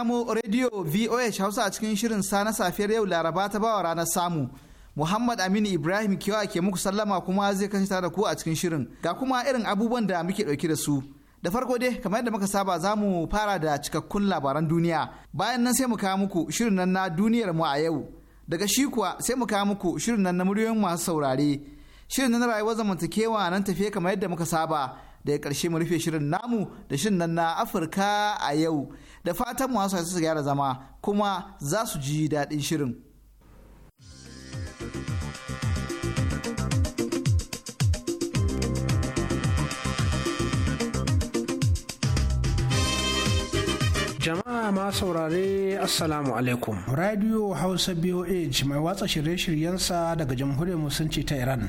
kamo rediyo voh hausa a cikin shirin sa na safiyar yau laraba ta bawa ranar samu muhammad aminu ibrahim kewa ke muku sallama kuma zai kashe tare da ku a cikin shirin ga kuma irin abubuwan da muke ɗauke da su da farko dai kamar yadda muka saba za mu fara da cikakkun labaran duniya bayan nan sai mu kawo muku shirin nan na duniyar mu a yau daga shi kuwa sai mu kawo muku shirin nan na muryoyin masu saurare shirin nan na rayuwar zamantakewa nan tafiye kamar yadda muka saba da ya karshe mu rufe shirin namu da shirin nan na afirka a yau da fatan masu su gyara zama kuma za su ji daɗin shirin jama'a ma saurare assalamu alaikum radio hausa boh mai watsa shirye-shiryensa daga jamhuriyar musulunci ta iran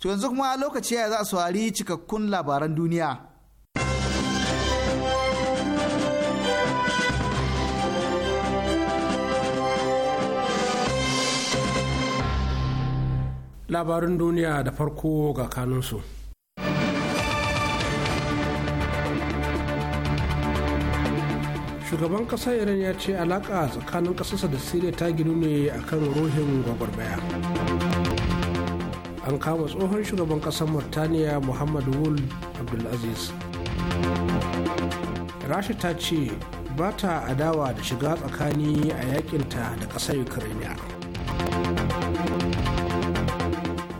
To yanzu kuma lokaci ya za a saurari cikakkun labaran duniya. Labarin duniya da farko ga kanunsu. shugaban ƙasar iran ya ce alaƙa tsakanin ƙasarsa da siriya ta ginu ne akan ruhin gwagwarmaya an kama tsohon shugaban kasar murtaniya muhammad wul abdulaziz rasha ta ce ba ta adawa da shiga tsakani a yakinta da ƙasar ukraine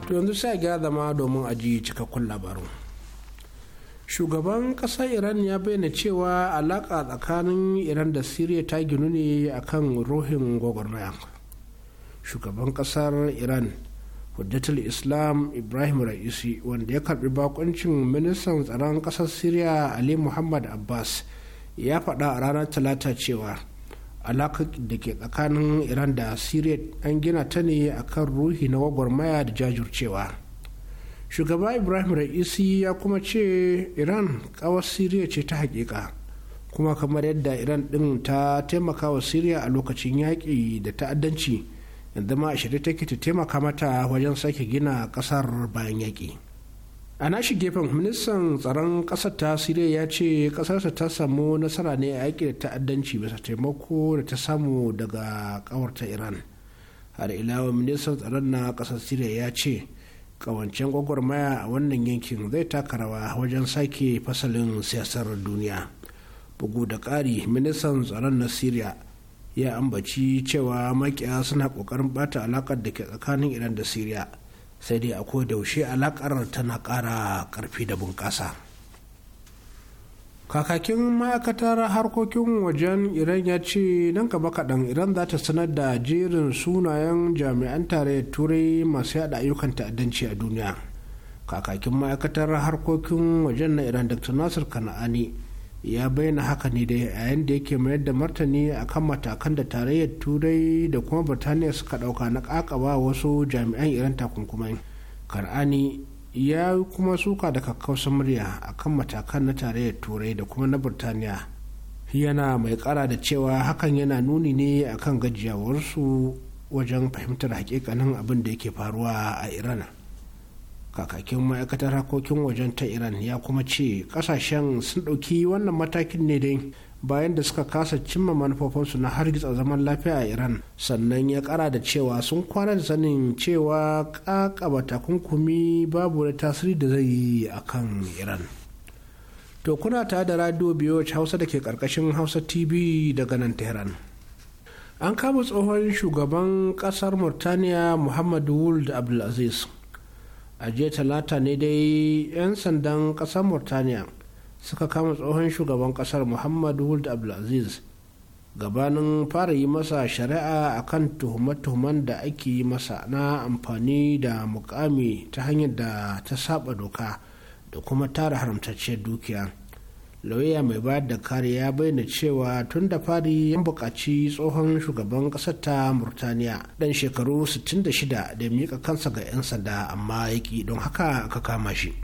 to yanzu sai ga zama domin aji cikakkun labarin shugaban ƙasar iran ya bayyana cewa alaƙa tsakanin iran da syria ta ginu ne akan ruhin gwagwarmaya shugaban ƙasar iran hujjatul islam ibrahim ra'isi wanda ya karbi bakoncin ministan tsaron kasar syria ali muhammad abbas ya faɗa a ranar talata cewa alaƙa da ke tsakanin iran da syria an gina ta ne a kan ruhi na gwagwarmaya da jajircewa shugaba ibrahim ra'isi ya kuma ce iran kawar syria ce ta hakika kuma kamar yadda iran ɗin ta taimaka wa syria a lokacin yaƙi da ta'addanci yanzu ma shirye take ta taimaka mata wajen sake gina kasar bayan yaƙi a nashi gefen ministan tsaron ƙasar ta siriya ya ce ƙasarsa ta samu nasara ne a yaƙi da ta'addanci bisa taimako da ta samu daga ƙawarta iran har ilawa ministan tsaron na ƙasar siriya ya ce ƙawancen gwagwarmaya a wannan yankin zai taka rawa wajen sake fasalin siyasar duniya bugu da ƙari ministan tsaron na siriya ya ambaci cewa makiya suna kokarin bata alakar da ke tsakanin iran da syria sai dai a yaushe alakar tana kara karfi da bunƙasa kakakin ma'aikatar harkokin wajen iran ya ce nan gaba kaɗan iran za ta sanar da jerin sunayen jami'an tarayyar turai masu yada ayyukan ta'addanci a duniya kakakin ma'aikatar harkokin wajen na iran dr nasir kana'ani ya bayyana haka ne da yayin da yake mayar da martani akan matakan da tarayyar turai da kuma birtaniya suka dauka na kakaba wasu jami'an iran takunkumai kar'ani ya kuma suka da kakkausar murya akan matakan na tarayyar turai da kuma na birtaniya yana mai kara da cewa hakan yana nuni ne akan gajiyawarsu wajen fahimtar hakikanin abin da yake faruwa a iran kakakin ma'aikatar harkokin wajen ta iran ya kuma ce kasashen sun ɗauki wannan matakin ne dai bayan da suka kasa cimma manufofinsu na hargitsa zaman lafiya a iran sannan ya kara da cewa sun kwana da sanin cewa kakaba takunkumi babu da tasiri da zai yi a kan iran to kuna ta da radio biyu hausa da ke karkashin hausa tv daga nan tehran an kama tsohon shugaban kasar murtaniya muhammad wuld abdulaziz a jiya talata ne dai 'yan sandan kasar murtaniya suka kama tsohon shugaban ƙasar muhammad wuld abdulaziz gabanin fara yi masa shari'a akan tuhuma tuhumatuhuman da ake yi masa na amfani da mukami ta hanyar da ta saba doka da kuma tara haramtacciyar dukiya lauya mai bayar da kariya ya bayyana cewa tun da fari yan buƙaci tsohon shugaban ƙasar ta murtaniya ɗan shekaru 66 da miƙa kansa ga 'yan sanda amma ya ƙi don haka aka kama shi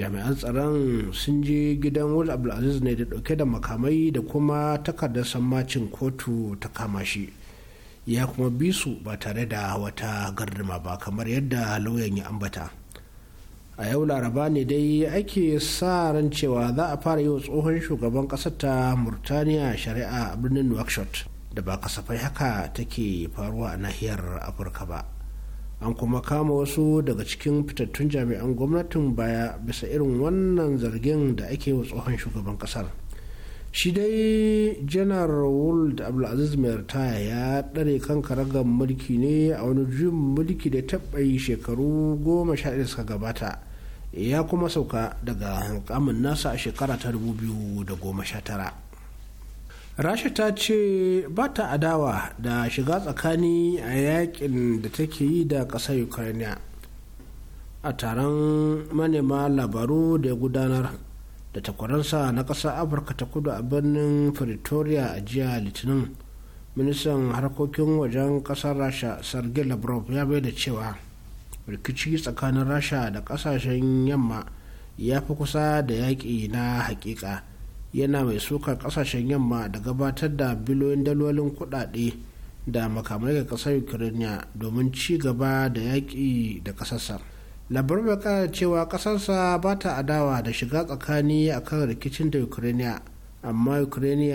jami'an tsaron sun je gidan wal abdulaziz ne da ɗauke da makamai da kuma takardar sammacin kotu ta kama shi ya kuma bi su ba tare da wata gardama ba kamar yadda lauyan ya ambata a yau laraba ne dai ake sa ran cewa za a fara yi wa tsohon shugaban ƙasar ta murtaniya shari'a a birnin nouakchott da ba kasafai haka take faruwa a nahiyar afirka ba an kuma kama wasu daga cikin fitattun jami'an gwamnatin baya bisa irin wannan zargin da ake wa tsohon shugaban kasar shi dai janar wold abdulaziz merta ya ɗare kan karagar mulki ne a wani juyin mulki da taɓa yi shekaru goma sha da suka gabata ya kuma sauka daga hankamin nasa a shekara ta tara. rasha ta ce ba ta adawa da shiga tsakani a yakin da take yi da ƙasar ukraine a taron manema labaru da ya gudanar da takwaransa na ƙasar afirka ta kudu a birnin pretoria a jiya litinin ministan harkokin wajen ƙasar rasha sergei lavrov ya bai da cewa rikici tsakanin rasha da kasashen yamma ya fi kusa da yaƙi na hakika yana mai sukar kasashen yamma da gabatar da biliyoyin dalolin kuɗaɗe da makamai ga ƙasar ukraine domin ci gaba da yaƙi da ƙasarsa labar bai cewa ƙasarsa ba ta adawa da shiga tsakani akan rikicin da ukraine amma ukraine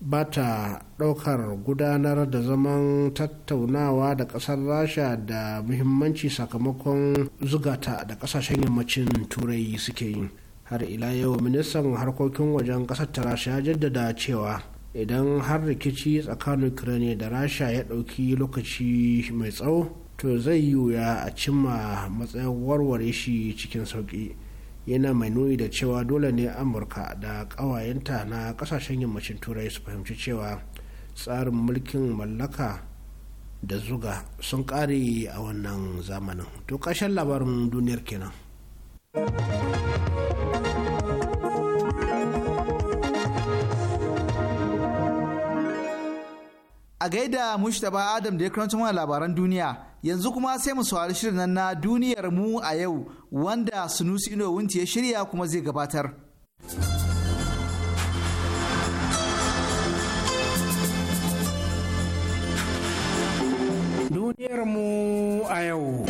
ba ta ɗaukar gudanar da zaman tattaunawa da ƙasar rasha da muhimmanci sakamakon zugata da ƙasashen yammacin turai suke yi har ila yau ministan harkokin wajen ƙasar ta rasha jaddada cewa idan har rikici tsakanin ukraine da rasha ya ɗauki lokaci mai tsawo to zai yi wuya a cimma matsayin warware shi cikin sauƙi yana mai nuni da cewa dole ne amurka da ƙawayenta na kasashen yammacin turai su fahimci cewa tsarin mulkin mallaka da zuga sun kare a wannan zamanin to kashin labarin duniyar kenan a gaida mushtaba adam da ya karanci mana labaran duniya yanzu kuma sai mu saurari shirin na duniyar mu a yau wanda Sunusi Ino ya shirya kuma zai gabatar. Duniyarmu a yau.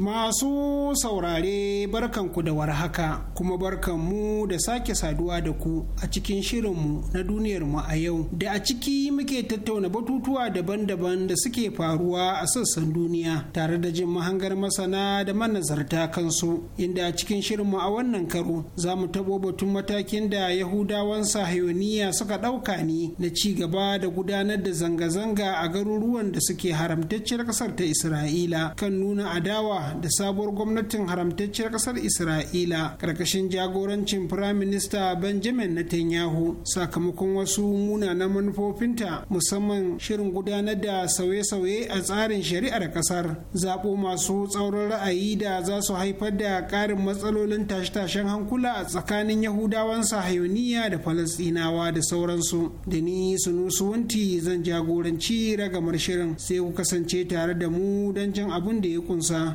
Masu saurare barkanku da warhaka kuma barkanmu da sake saduwa da ku a cikin shirinmu na duniyarmu a yau da a ciki muke tattauna batutuwa daban-daban da suke faruwa a sassan duniya tare da jin mahangar masana da manazarta kansu inda a cikin shirinmu a wannan karo za mu tabo batun matakin da yahudawan sahayoniya suka ɗauka ne na ci gaba da gudanar da zanga-zanga a garuruwan da suke haramtacciyar ƙasar ta isra'ila kan nuna adawa da sabuwar gwamnatin haramtacciyar kasar isra'ila karkashin jagorancin firaminista benjamin netanyahu sakamakon wasu munanan manufofinta musamman shirin gudanar da sauye-sauye a tsarin shari'ar kasar zaɓo masu tsaurin ra'ayi da za su haifar da ƙarin matsalolin tashe-tashen hankula a tsakanin yahudawan sahayoniya da falasɗinawa da sauransu da ni wanti zan jagoranci ragamar shirin sai ku kasance tare da mu don jin abin da ya kunsa.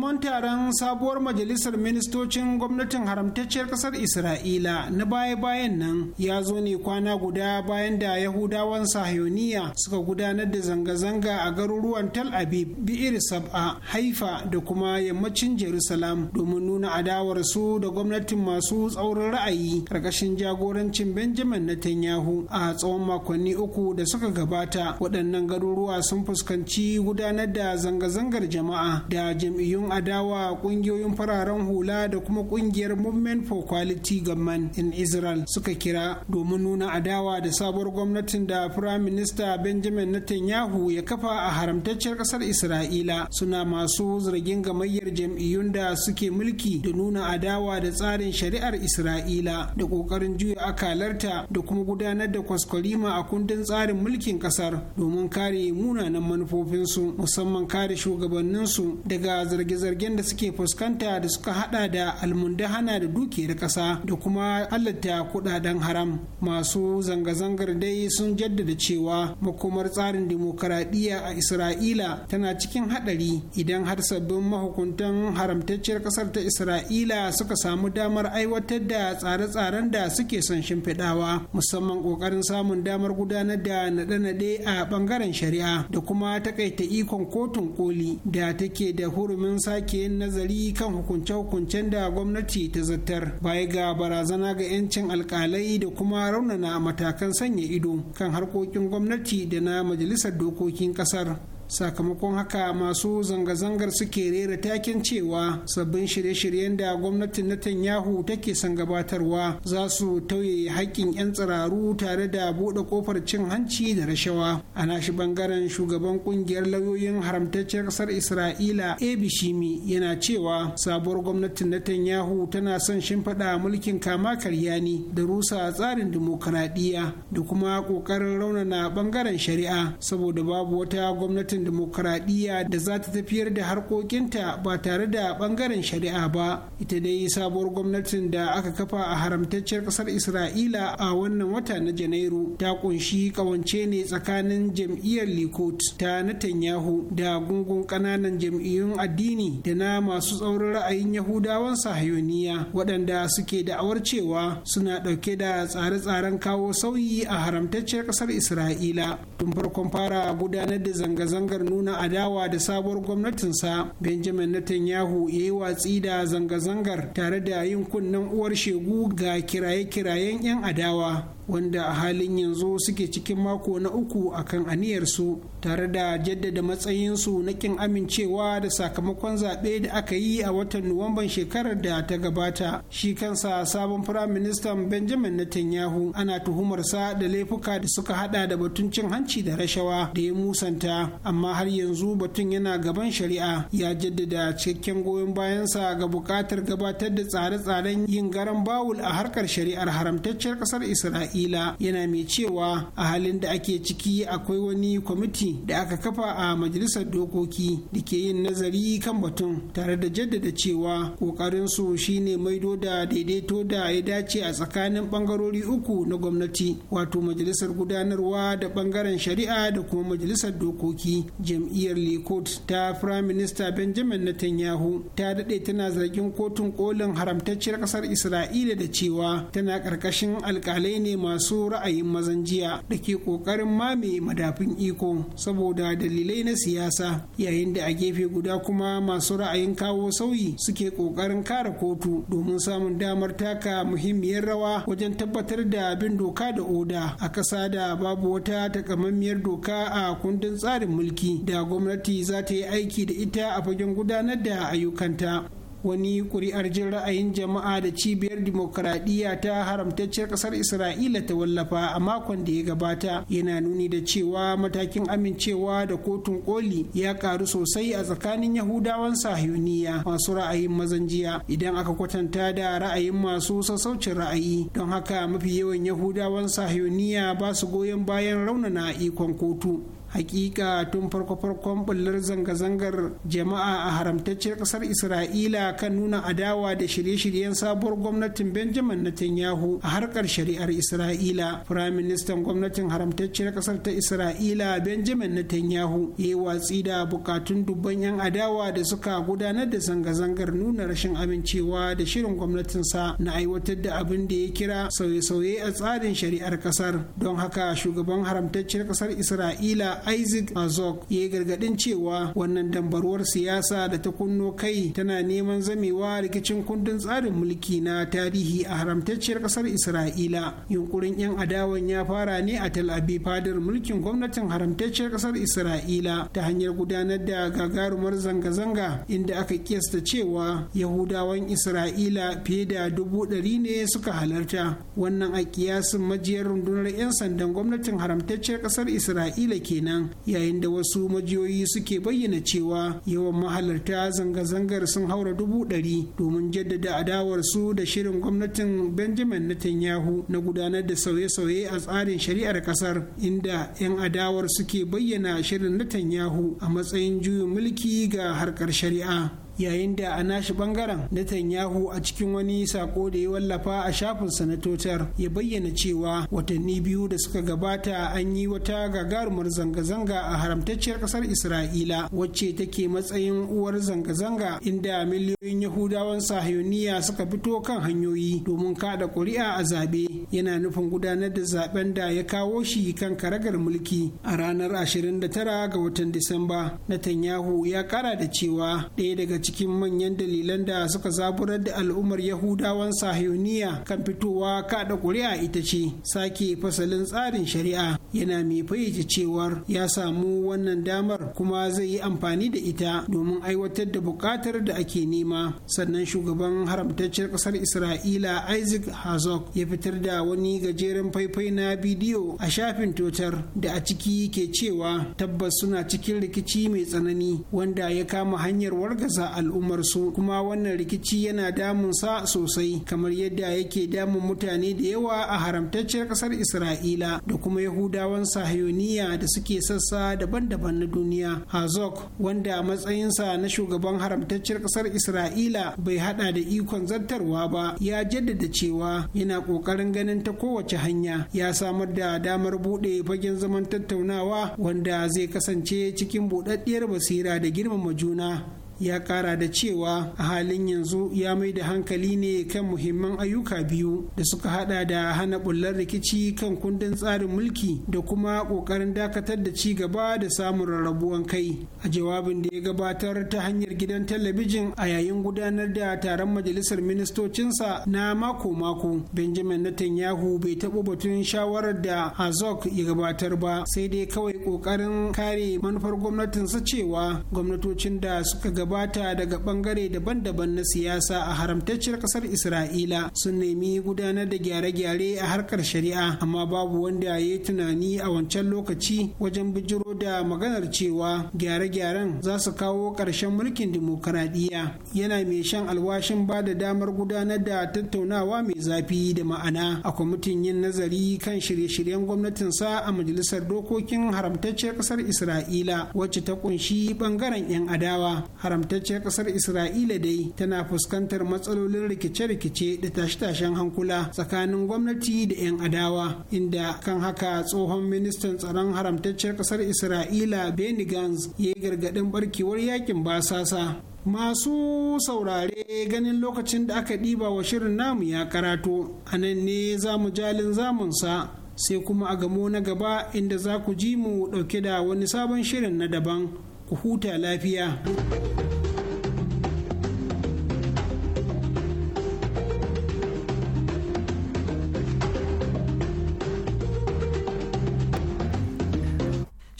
taron sabuwar majalisar ministocin gwamnatin haramtacciyar kasar isra'ila na baya-bayan nan ya zo ne kwana guda bayan da yahudawan sahiyoniya suka gudanar da zanga-zanga a garuruwan tal abib bi'ir sab'a haifa da kuma yammacin jerusalem domin nuna adawar su da gwamnatin masu tsaurin ra'ayi karkashin jagorancin benjamin netanyahu a tsawon makonni uku da suka gabata waɗannan garuruwa sun fuskanci gudanar da zanga-zangar jama'a da jam'iyyun adawar a kungiyoyin fararen hula da kuma kungiyar movement for quality government in israel suka kira domin nuna adawa da sabuwar gwamnatin da prime minister benjamin netanyahu ya kafa a haramtacciyar kasar isra'ila suna masu zargin gamayyar jam'iyyun da suke mulki da nuna adawa da tsarin shari'ar isra'ila da kokarin juya akalarta da kuma gudanar da kwaskwalima a kundin tsarin mulkin kasar domin kare munanan manufofinsu musamman kare shugabanninsu daga zarge-zarge zarge da suke fuskanta da suka hada da almundahana da dukiyar ƙasa da kuma halatta kudaden haram masu zanga-zangar dai sun jaddada cewa makomar tsarin dimokuraɗiyya a isra'ila tana cikin haɗari idan har sabbin mahukuntan haramtacciyar ƙasar ta isra'ila suka samu damar aiwatar da tsare-tsaren da suke son shimfiɗawa musamman ƙoƙarin samun damar gudanar da naɗe-naɗe a ɓangaren shari'a da kuma takaita ikon kotun koli da take da hurumin sake sake yin nazari kan hukunce-hukuncen da gwamnati ta zartar baya ga barazana ga 'yancin alkalai da kuma raunana matakan sanya ido kan harkokin gwamnati da na majalisar dokokin kasar sakamakon haka masu zanga-zangar suke rera taken cewa sabbin shirye-shiryen da gwamnatin Netanyahu take son gabatarwa za su tauye haƙƙin 'yan tsiraru tare da buɗe ƙofar cin hanci da rashawa a nashi ɓangaren shugaban ƙungiyar lauyoyin haramtaccen ƙasar isra'ila abi shimi yana cewa sabuwar gwamnatin Netanyahu tana son shimfiɗa mulkin kama karya ne da rusa tsarin dimokuraɗiyya da kuma ƙoƙarin raunana ɓangaren shari'a saboda babu wata gwamnatin gwamnatin demokuraɗiyya da za ta tafiyar da harkokinta ba tare da ɓangaren shari'a ba ita dai sabuwar gwamnatin da aka kafa a haramtacciyar ƙasar isra'ila a wannan wata na janairu ta kunshi ƙawance ne tsakanin jam'iyyar likud ta netanyahu da gungun ƙananan jam'iyyun addini da na masu tsaurin ra'ayin yahudawan sahayoniya waɗanda suke da'awar cewa suna ɗauke da tsare-tsaren kawo sauyi a haramtacciyar ƙasar isra'ila tun farkon fara gudanar da zanga-zanga zanga-zangar nuna adawa da sabuwar gwamnatinsa benjamin netanyahu ya yi watsi da zanga-zangar tare da yin kunnen uwar shegu ga kiraye-kirayen 'yan adawa wanda a halin yanzu suke cikin mako na uku akan aniyarsu tare da jaddada matsayinsu na kin amincewa da sakamakon zaɓe da aka yi a watan nuwamban shekarar da ta gabata shi kansa sabon firaministan benjamin netanyahu ana tuhumarsa da laifuka da suka hada da batun cin hanci da rashawa da ya musanta amma har yanzu batun yana gaban shari'a ya jaddada cikakken goyon bayansa ga buƙatar gabatar da tsare-tsaren yin garan bawul a harkar shari'ar haramtacciyar ƙasar isra'ila isra'ila yana mai cewa a halin da ake ciki akwai wani kwamiti da aka kafa a majalisar dokoki da ke yin nazari kan batun tare da jaddada cewa kokarin su shine maido da daidaito da ya dace a tsakanin bangarori uku na gwamnati wato majalisar gudanarwa da bangaren shari'a da kuma majalisar dokoki jam'iyyar likud ta prime minister benjamin netanyahu ta daɗe tana zargin kotun kolin haramtacciyar ƙasar isra'ila da cewa tana ƙarƙashin alƙalai ne masu ra'ayin mazan jiya da ke ƙoƙarin mame madafin iko saboda dalilai na siyasa yayin da a gefe guda kuma masu ra'ayin kawo sauyi suke ƙoƙarin kare kotu domin samun damar taka muhimmiyar rawa wajen tabbatar da bin doka da oda a ƙasa da babu wata takamammiyar doka a kundin tsarin mulki da gwamnati za ta yi aiki da ita a fagen gudanar da ayyukanta wani kuri'ar jin ra'ayin jama'a da cibiyar dimokuraɗiyya ta haramtacciyar ƙasar isra'ila ta wallafa a makon da ya gabata yana nuni da cewa matakin amincewa da kotun koli ya ƙaru sosai a tsakanin yahudawan sahiyuniya masu ra'ayin mazanjiya idan aka kwatanta da ra'ayin masu sassaucin ra'ayi don haka mafi yawan yahudawan sahiyuniya ba su goyon bayan raunana ikon kotu hakika tun farko-farkon bullar zanga-zangar jama'a a haramtacciyar kasar isra'ila kan nuna adawa da shirye-shiryen sabuwar gwamnatin benjamin netanyahu a harkar shari'ar isra'ila firaministan gwamnatin haramtacciyar kasar ta isra'ila benjamin netanyahu ya yi watsi da bukatun dubban 'yan adawa da suka gudanar da zanga-zangar nuna rashin amincewa da shirin gwamnatinsa na aiwatar da abin da ya kira sauye-sauye a tsarin shari'ar kasar don haka shugaban haramtacciyar kasar isra'ila isaac mazok ya gargadin cewa wannan dambarwar siyasa da ta kunno kai tana neman zamewa rikicin kundin tsarin mulki na tarihi a haramtacciyar kasar isra'ila yunkurin yan adawan ya fara ne a tel aviv fadar mulkin gwamnatin haramtacciyar kasar isra'ila ta hanyar gudanar da gagarumar zanga-zanga inda aka kiyasta cewa yahudawan isra'ila fiye da dubu ɗari ne suka halarta wannan a kiyasin majiyar rundunar 'yan sandan gwamnatin haramtacciyar kasar isra'ila kenan kenan yayin da wasu majiyoyi suke bayyana cewa yawan mahalarta zanga-zangar sun haura dubu ɗari domin jaddada adawarsu da shirin gwamnatin benjamin netanyahu na gudanar da sauye-sauye a tsarin shari'ar kasar inda 'yan adawar suke bayyana shirin netanyahu a matsayin juyin mulki ga harkar shari'a yayin da a nashi bangaren Netanyahu a cikin wani sako da ya wallafa a shafin na totar ya bayyana cewa watanni biyu da suka gabata an yi wata gagarumar zanga-zanga a haramtacciyar kasar Isra'ila wacce take matsayin uwar zanga-zanga inda miliyoyin Yahudawan sahiyoniya suka fito kan hanyoyi domin kada ƙuri'a a zaɓe yana nufin gudanar da zaben da ya kawo shi kan karagar mulki a ranar 29 ga watan Disamba. Netanyahu ya kara da cewa ɗaya daga cikin cikin manyan dalilan da suka zaburar da al'ummar yahudawan sahiyoniya kan fitowa kaɗa ƙuri'a ita ce sake fasalin tsarin shari'a yana mai fayyace cewar ya samu wannan damar kuma zai yi amfani da ita domin aiwatar da buƙatar da ake nema sannan shugaban haramtaccen ƙasar isra'ila isaac hazok ya fitar da wani gajeren faifai na bidiyo a shafin totar da a ciki ke cewa tabbas suna cikin rikici mai tsanani wanda ya kama hanyar wargaza al'ummarsu kuma wannan rikici yana damun sa sosai kamar yadda yake damun mutane da yawa a haramtacciyar ƙasar isra'ila da kuma yahudawan sahayoniya da suke sassa daban-daban na duniya hazok wanda matsayinsa na shugaban haramtacciyar ƙasar isra'ila bai hada da ikon zartarwa ba ya jaddada cewa yana ƙoƙarin ganin ta kowace hanya ya samar da damar buɗe fagen zaman tattaunawa wanda zai kasance cikin buɗaɗɗiyar basira da girmama juna ya kara da cewa a halin yanzu ya mai da hankali ne kan muhimman ayyuka biyu da suka hada da hana bullar rikici kan kundin tsarin mulki da kuma kokarin dakatar da ci gaba da samun rarrabuwan kai a jawabin da ya gabatar ta hanyar gidan talabijin a yayin gudanar da taron majalisar ministocinsa na mako-mako benjamin netanyahu bai taɓa batun shawarar da azok ya gabatar ba sai dai kawai kokarin kare manufar gwamnatinsa cewa gwamnatocin da suka gaba. gabata daga bangare daban-daban na siyasa a haramtacciyar kasar isra'ila sun nemi gudanar da gyare-gyare a harkar shari'a amma babu wanda ya yi tunani a wancan lokaci wajen bijiro da maganar cewa gyare-gyaren za su kawo ƙarshen mulkin dimokuraɗiyya yana mai shan alwashin ba da damar gudanar da tattaunawa mai zafi da ma'ana a kwamitin yin nazari kan shirye-shiryen gwamnatinsa a majalisar dokokin haramtacciyar kasar isra'ila wacce ta kunshi bangaren 'yan adawa haram haramtacciyar kasar isra'ila dai tana fuskantar matsalolin rikice-rikice da tashe-tashen hankula tsakanin gwamnati da 'yan adawa inda kan haka tsohon ministan tsaron haramtacciyar kasar isra'ila benny gantz ya yi gargaɗin barkewar yakin basasa Masu saurare ganin lokacin da aka ɗiba wa shirin namu ya karato, a nan ne za mu jalin zamunsa sai kuma a gamo na gaba inda za ku ji mu ɗauke da wani sabon shirin na daban. ku huta lafiya.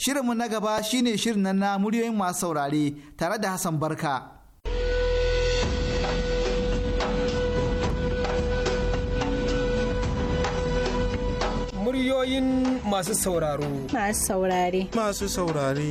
Shirinmu na gaba shine shirin na muryoyin masu saurare tare da Hassan Barka. Muryoyin masu sauraro. Masu saurare. Masu saurare.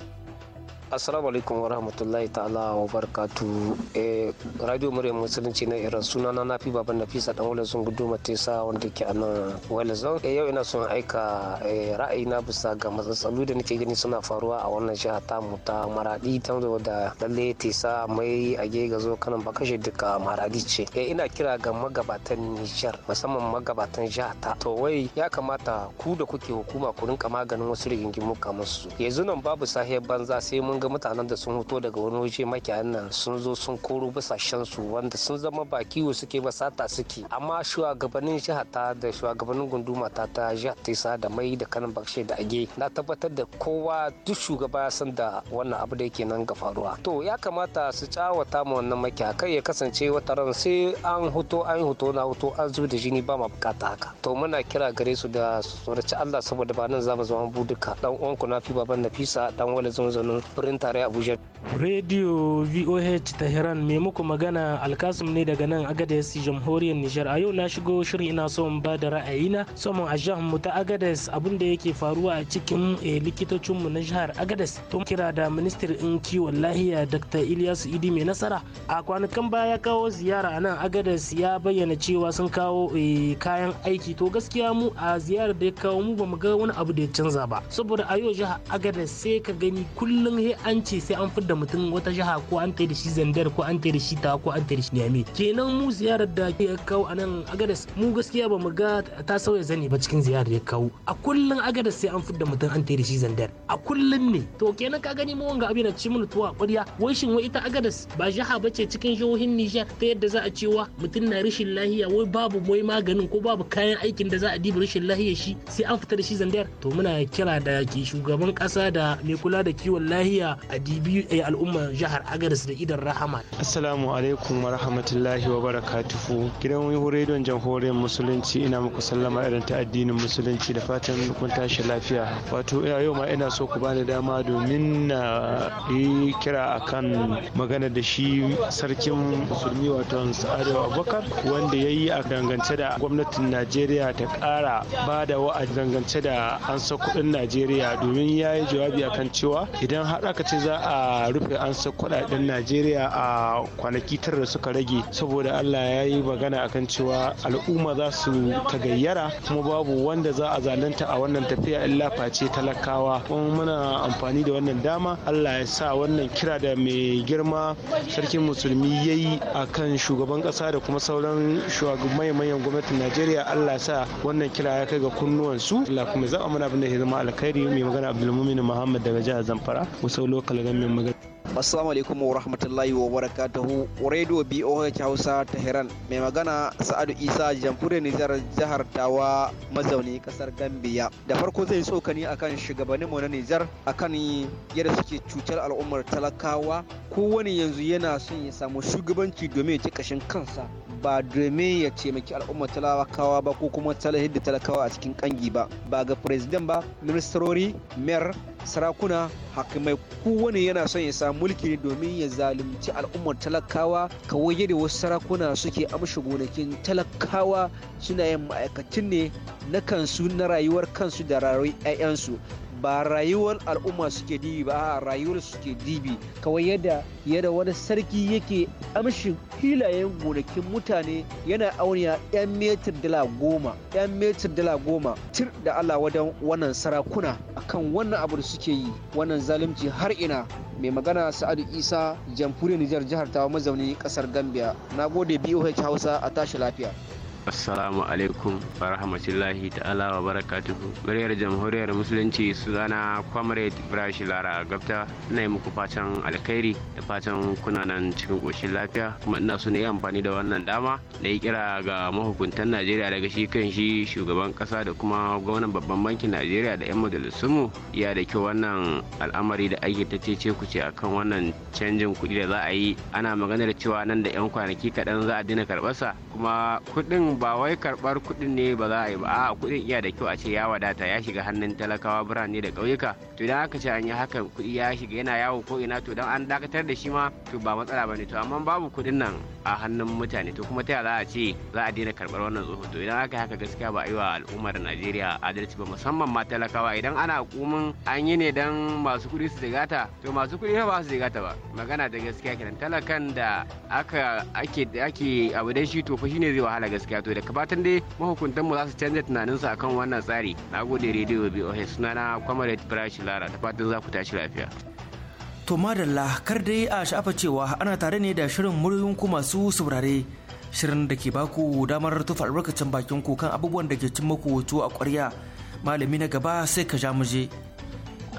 assalamu alaikum wa rahmatullahi ta'ala wa barkatu eh radio murya musulunci na iran suna na nafi baban nafisa dan wala sun gudu matesa wanda ke a nan wala zon eh, yau ina son aika eh, ra'ayi na bisa ga matsatsalu da nake gani suna faruwa a wannan jiha ta mu ta maradi ta da lalle tesa mai age ga zo kanan ba kashe duka maradi ce eh ina kira ga magabatan Nijar musamman magabatan jiha ta to wai ya kamata ku da kuke hukuma ku rinka maganin wasu rigingimu kamar su yanzu nan babu sahiyar banza sai mun ga mutanen da sun hoto daga wani waje makiyayan nan sun zo sun koro basashen su wanda sun zama ba kiwo suke ba sata suke amma shugabannin jihar ta da shugabannin gunduma ta ta jihar ta da mai da kanin bakshe da age na tabbatar da kowa duk shugaba ya san da wannan abu da yake nan ga faruwa to ya kamata su cawata mu wannan makiya kai ya kasance wata ran sai an hoto an hoto na hoto an zo da jini ba ma bukata haka to muna kira gare su da su Allah saboda ba nan za mu zama duka dan uwanku na fi baban nafisa dan wala zunzunun birnin tarayya Abuja. Radio VOH Tehran mai muku magana Alkasum ne daga nan Agadez Jamhuriyar Nijar. A yau na shigo shirin ina so in ba da ra'ayina saman a jihar mu ta agades abin da yake faruwa a cikin eh, likitocin mu na jihar agades Tun kira da ministir in kiwon lahiya Dr. Ilyasu Idi mai nasara. A kwanakan baya ya kawo ziyara a nan Agadez ya bayyana cewa sun kawo eh, kayan aiki to gaskiya mu a ziyarar da ya kawo mu ba mu ga wani abu da ya canza ba. Saboda a yau jihar agades sai ka gani kullum he an ce sai an fidda mutum wata jiha ko an tai da shi zandar ko an tai da shi ta ko an tai da shi niyami kenan mu ziyarar da ya kawo a nan agadas mu gaskiya ba mu ga ta sauya zani ba cikin ziyarar ya kawo a kullun agadas sai an fidda mutum an tai da shi zandar a kullum ne to kenan ka gani mu wanga abin da ci mun tuwa ƙwarya wai shin wai ita agadas ba jiha ba ce cikin jihohin Nijar ta yadda za a cewa mutum na rashin lahiya wai babu wai maganin ko babu kayan aikin da za a diba rashin lahiya shi sai an fita da shi zandar to muna kira da ke shugaban kasa da mai kula da kiwon lahiya dibiyu a eh, al'ummar jihar Agadas da idan rahama. Assalamu alaikum wa rahmatullahi wa barakatuhu. Gidan wihu rediyon jamhuriyar musulunci ina muku sallama irin ta addinin musulunci da fatan kun tashi lafiya. Wato ina eh, yau ma ina so ku bani dama domin na yi kira akan magana da shi sarkin musulmi wato Sa'adu Abubakar wanda ya yi a dangance da gwamnatin Najeriya ta kara ba da wa'ad dangance da an sa kuɗin Najeriya domin ya yi jawabi akan cewa idan haɗa aka ce za a rufe ansa kudaden najeriya a kwanaki tara da suka rage saboda allah ya yi magana a kan cewa al'umma za su gayyara kuma babu wanda za a zalunta a wannan tafiya illa face talakawa kuma muna amfani da wannan dama allah ya sa wannan kira da mai girma sarkin musulmi ya yi a kan shugaban ƙasa da kuma sauran manyan gwamnatin najeriya allah ya sa wannan kira ya kai ga kunnuwansu allah kuma zaɓa mana abin da ya zama alkhairi mai magana abdulmumin muhammad daga jihar zamfara Sokoto local government magana. Assalamu alaikum wa rahmatullahi wa barakatuhu. Radio BOH Hausa Tehran mai magana Sa'adu Isa jamhuriyar Nijar jihar Tawa mazauni kasar Gambia. Da farko zai tsokani akan shugabanni mu na Nijar akan yadda suke cutar al'ummar talakawa kowane yanzu yana son ya samu shugabanci domin ya ci kashin kansa ba domin ya taimaki al'ummar talakawa ba ko kuma talahid da talakawa a cikin kangi ba ba ga firezidan ba ministrori mayor sarakuna hakimai kowane yana son ya samu mulki ne domin ya zalunci al'ummar talakawa kawai da wasu sarakuna suke amshi gonakin talakawa suna yin ma'aikacin ne na kansu na rayuwar kansu da rayuwar 'ya'yansu ba rayuwar al'umma suke dibi ba a rayuwar suke dibi kawai yadda yadda wani sarki yake amshin filayen gonakin mutane yana auniya yan metir dala goma yan metir dala goma tir da allah wajen wannan sarakuna akan wannan abu da suke yi wannan zalunci har ina mai magana sa'adu isa jamhuriyar nijar jihar tawa mazauni kasar gambia na gode boh hausa a tashi lafiya assalamu alaikum wa rahmatullahi ta'ala wa barakatuhu muryar jamhuriyar musulunci sunana comrade brashi lara gabta ina yi muku fatan alkhairi da fatan kunanan cikin ƙoshin lafiya kuma ina so yi amfani da wannan dama da yi kira ga mahukuntan najeriya daga shi kan shi shugaban ƙasa da kuma gwamnan babban bankin najeriya da 'yan majalisunmu ya da kyau wannan al'amari da ake ta cece ku ce akan wannan canjin kuɗi da za a yi ana maganar cewa nan da 'yan kwanaki kaɗan za a daina karɓarsa kuma kuɗin mu ba wai karbar kuɗi ne ba za a yi ba a kuɗin iya da kyau a ce ya wadata ya shiga hannun talakawa birane da ƙauyuka to idan aka ce an yi hakan kuɗi ya shiga yana yawo ko ina to dan an dakatar da shi ma to ba matsala bane to amma babu kuɗin nan a hannun mutane to kuma ta za a ce za a daina karɓar wannan tsoho to idan aka haka gaskiya ba a yi wa al'ummar Najeriya adalci ba musamman ma talakawa idan ana kumin an yi ne dan masu kuɗi su zigata to masu kuɗi ba su zigata ba magana da gaskiya kenan talakan da aka ake ake abu da shi to fa shine zai wahala gaskiya wabarakatuh da kabatan dai mahukuntan mu za su canza tunanin su akan wannan tsari na rediyo radio suna sunana Comrade Brashi Lara da fatan za ku tashi lafiya to madalla kar dai a sha'afa cewa ana tare ne da shirin muryoyin ku masu saurare shirin da ke baku damar tufa albarkacin bakin ku kan abubuwan da ke cin maku wato a ƙwarya malami na gaba sai ka ja muje.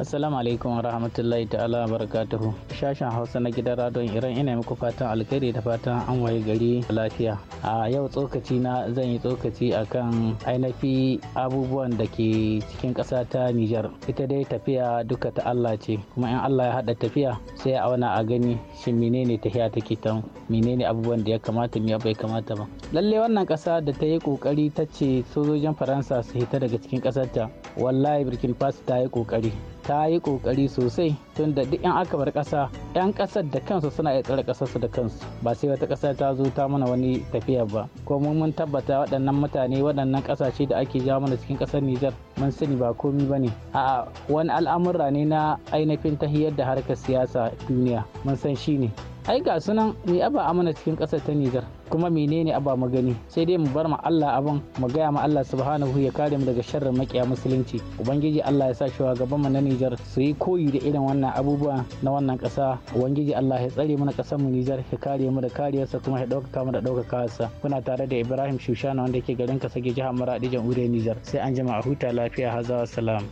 Assalamu alaikum rahmatullahi ta'ala barakatuhu. Shashin Hausa na gidan radon Iran ina muku fatan alkhairi da fatan an waye gari lafiya. A yau tsokaci na zan yi tsokaci akan ainafi abubuwan da ke cikin ƙasa ta Nijar. Ita dai tafiya duka ta Allah ce, kuma in Allah ya haɗa tafiya sai a auna a gani shin menene tafiya take tan menene abubuwan da ya kamata ya bai kamata ba. Lalle wannan ƙasa da ta yi ƙoƙari ta ce sojojin Faransa su hita daga cikin ƙasarta. Wallahi birkin Faso ta yi ƙoƙari. ta yi kokari sosai tunda duk yan akabar kasa yan kasar da kansu suna iya tsare kasarsu da kansu ba sai wata kasa ta zo ta mana wani tafiya ba ko mun tabbata waɗannan mutane waɗannan kasashe da ake ja mana cikin kasar Nijar mun sani ba komi bane a'a wani al'amura ne na ainihin tahiyar da harkar siyasa duniya mun san shi ne ai ga sunan me aba amana cikin kasar ta Nijar kuma menene aba mu gani sai dai mu bar ma Allah abin mu gaya ma Allah subhanahu ya kare mu daga sharrin makiya musulunci ubangiji Allah ya sa gaban mu na Nijar su yi koyi da irin wannan abubuwa na wannan kasa ubangiji Allah ya tsare mu na ƙasar mu Nijar ya kare mu da kariyarsa kuma ya ɗaukaka mu da ɗaukakawarsa kuna tare da Ibrahim Shushana wanda yake garin Kasage jihar Maradi jamhuriyar Nijar sai an jama'a huta lafiya hazawa salam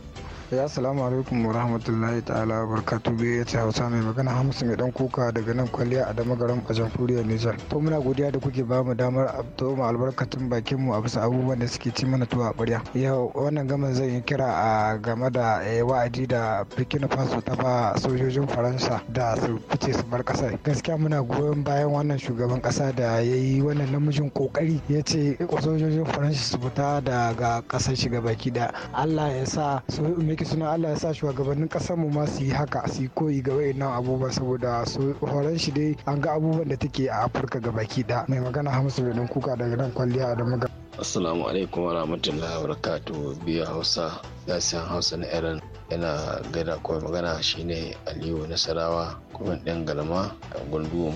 ya salamu alaikum wa rahmatullahi ta'ala wa barkatu biyu ya ce hausa mai magana hamsin mai dan kuka daga nan kwalliya a garin a furiya nijar to muna godiya da kuke ba mu damar toma albarkatun bakin mu a bisa abubuwan da suke ci mana tuwa a ƙwarya yau wannan gama zan yi kira a game da eh, wa'adi da burkina faso ta ba sojojin faransa da su fice su bar kasar gaskiya muna goyon bayan wannan shugaban kasa da ya yi wannan namijin kokari ya ce sojojin faransa su fita daga kasar shiga baki da allah ya sa su yake suna Allah ya sa shugabannin kasar mu ma su yi haka su koyi ga wayannan abubuwan saboda su horon shi dai an ga abubuwan da take a Afirka gabaki da mai magana Hamisu Bello kuka daga nan kwalliya da magana Assalamu alaikum wa wabarakatuh biya Hausa san Hausa na Iran yana gaida kawai magana shine Aliyu Nasarawa kuma ɗan galma a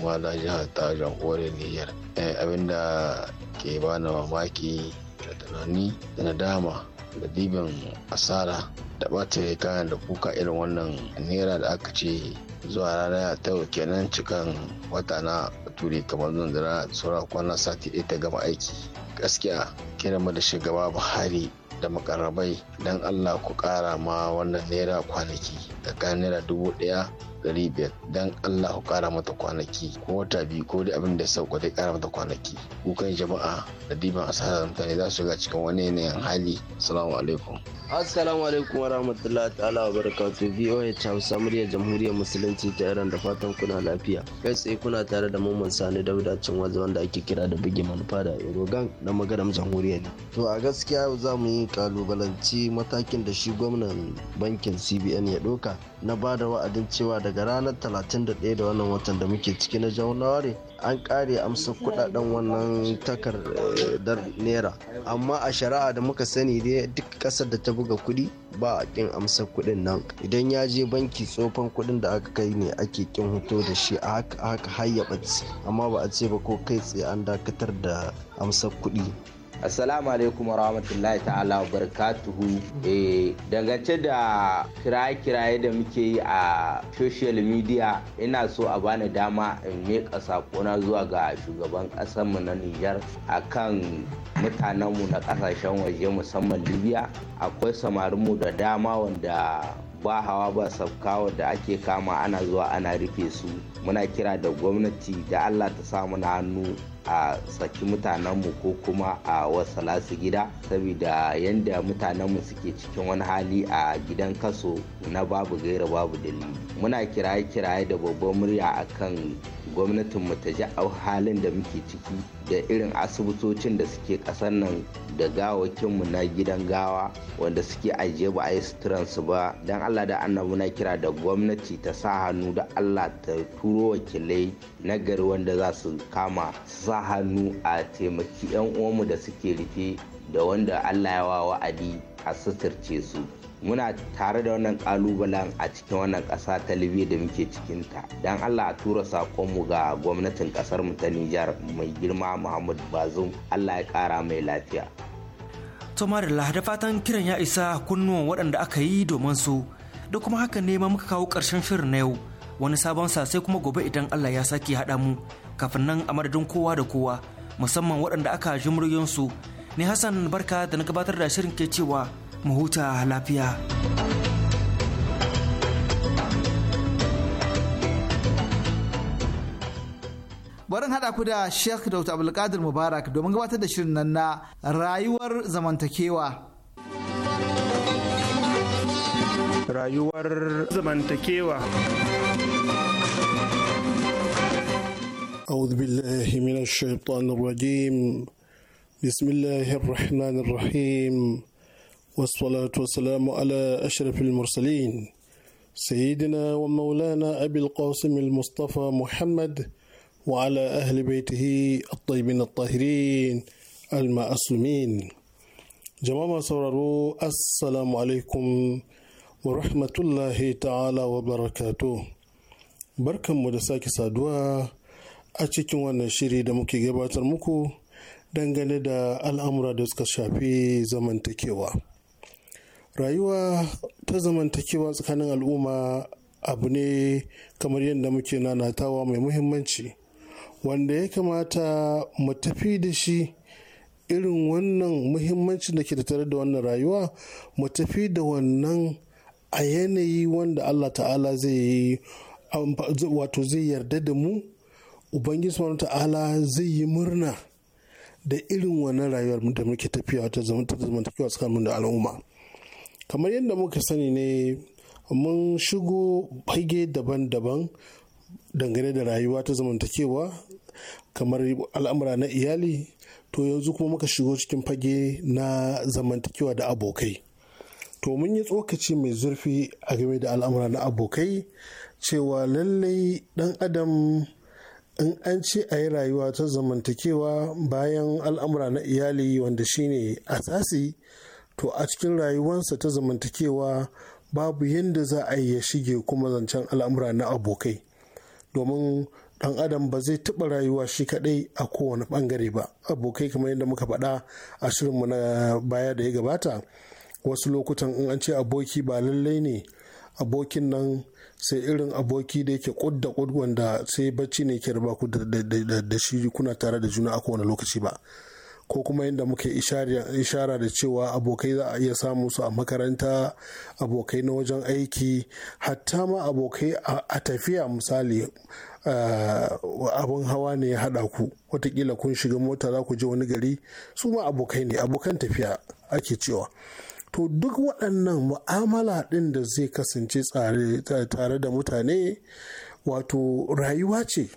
ma da jihar ta jamhuriyar Niger eh, abinda ke bani mamaki da tunani da nadama da asara da yi kayan da kuka irin wannan naira da aka ce zuwa rana ta kenan cikan wata na turi kamar nan da rana sauran kwana sati ɗaya ta gama aiki gaskiya kira mu da shugaba buhari da makarabai don allah ku kara ma wannan naira kwanaki tsakanin naira dubu ɗaya ɗari biyar dan Allah ku ƙara mata kwanaki ko wata biyu ko dai abin da ya sauka dai kara mata kwanaki kukan jama'a da diban asarar mutane za su shiga cikin wani yanayin hali salamu alaikum assalamu alaikum wa rahmatullahi ta'ala wa barakatu voa hausa murya jamhuriyar musulunci ta iran da fatan kuna lafiya kai tsaye kuna tare da mamman sani dauda cin waje wanda ake kira da bugi manufa da irogan na maganar jamhuriyar to a gaskiya yau za mu yi kalubalanci matakin da shi gwamnan bankin cbn ya ɗauka na ba da wa'adin cewa daga ranar 31 da wannan watan da muke ciki na januwari an kare amsa kudaden wannan takardar naira amma a shari'a da muka sani dai duk kasar da ta buga kudi ba a kin amsa kudin nan idan ya je banki tsofan kudin da aka kai ne ake kin hoto da shi a haka haka har ya amma ba a ce ba ko kai tsaye an dakatar da amsa kudi Assalamu alaikum warahmatullahi ta'ala barakatuhu. Eh dangance da kiraye-kiraye da muke yi a social media ina so a bani dama in miƙa sakona zuwa ga shugaban mu na Nijar A kan mutanenmu na ƙasashen waje musamman Libya. Akwai samarinmu da dama wanda ba hawa ba sabka wanda ake kama ana zuwa ana rufe su muna kira da gwamnati da allah ta samu na hannu a saki mutanenmu ko kuma a wasala su gida saboda yadda mutanenmu suke cikin wani hali a gidan kaso na babu gaira babu dalili muna kiraye-kiraye da babban murya akan gwamnatin mu ta ji halin da muke ciki da irin asibitocin da suke kasar nan da gawakinmu na gidan gawa wanda suke ajiye ba a yi suturansu ba don allah da annabu na kira da gwamnati ta sa hannu da allah ta turo wakilai na gari wanda za su kama su sa sa hannu a taimaki 'yan uwanmu da suke rufe da wanda allah ya wa wa'adi a suturce su muna tare da wannan kalubalen a cikin wannan ƙasa ta libya da muke cikinta don allah a tura saƙonmu ga gwamnatin ƙasar mu ta nijar mai girma muhammad bazum allah ya kara mai lafiya tomarilla da fatan kiran ya isa kunnuwan waɗanda aka yi domin su da kuma haka ne muka kawo ƙarshen shirin na yau wani sabon sa sai kuma gobe idan allah ya sake haɗa mu kafin nan a madadin kowa da kowa musamman waɗanda aka ji muryoyinsu ne hassan barka da na gabatar da shirin ke cewa mu huta lafiya barin haɗa ku da sheikh dr abdulkadir mubarak domin gabatar da shirin nan na rayuwar zamantakewa rayuwar zamantakewa أعوذ بالله من الشيطان الرجيم بسم الله الرحمن الرحيم والصلاة والسلام على أشرف المرسلين سيدنا ومولانا أبي القاسم المصطفى محمد وعلى أهل بيته الطيبين الطاهرين المعصومين جماعة صوروا السلام عليكم ورحمة الله تعالى وبركاته بركة مدساك سادوا a cikin wannan shiri da muke gabatar muku dangane da al'amura da suka shafi zamantakewa rayuwa ta zamantakewa tsakanin al'umma abu ne kamar yadda muke nanatawa mai muhimmanci wanda ya kamata mu tafi da shi irin wannan muhimmancin da ke tare da wannan rayuwa mu tafi da wannan a yanayi wanda allah ta'ala zai yi wato zai yarda da mu ubangiji wani ta'ala zai yi murna da irin wannan rayuwar da muke tafiya ta zamantakewa tsakanin da al'umma kamar yadda muka sani ne mun shigo fage daban-daban dangane da rayuwa ta zamantakewa kamar al'amura na iyali to yanzu kuma muka shigo cikin fage na zamantakewa da abokai to mun yi tsokaci mai zurfi a game da al'amura na abokai cewa lallai dan adam in an ce a yi rayuwa ta zamantakewa bayan al'amura na iyali wanda shine asasi to a cikin rayuwarsa ta zamantakewa babu yadda za a yi ya shige kuma zancen al'amura na abokai domin dan adam ba zai taɓa rayuwa shi kaɗai a kowane ɓangare ba abokai kamar yadda muka faɗa a shirinmu na baya da ya gabata wasu lokutan in an ce aboki ba lallai ne abokin nan sai irin aboki da yake kud da kud wanda sai bacci ne ke raba ku da shi kuna tare da juna a kowane lokaci ba ko kuma yadda muke ishara da cewa abokai za a iya samu su a makaranta abokai na wajen aiki hatta ma abokai a tafiya misali eh, abin hawa ne ya haɗa ku watakila kun shiga mota za ku je wani gari su ma abokai ne abokan tafiya ake cewa to duk waɗannan mu'amala ɗin da zai kasance tare da mutane wato rayuwa ce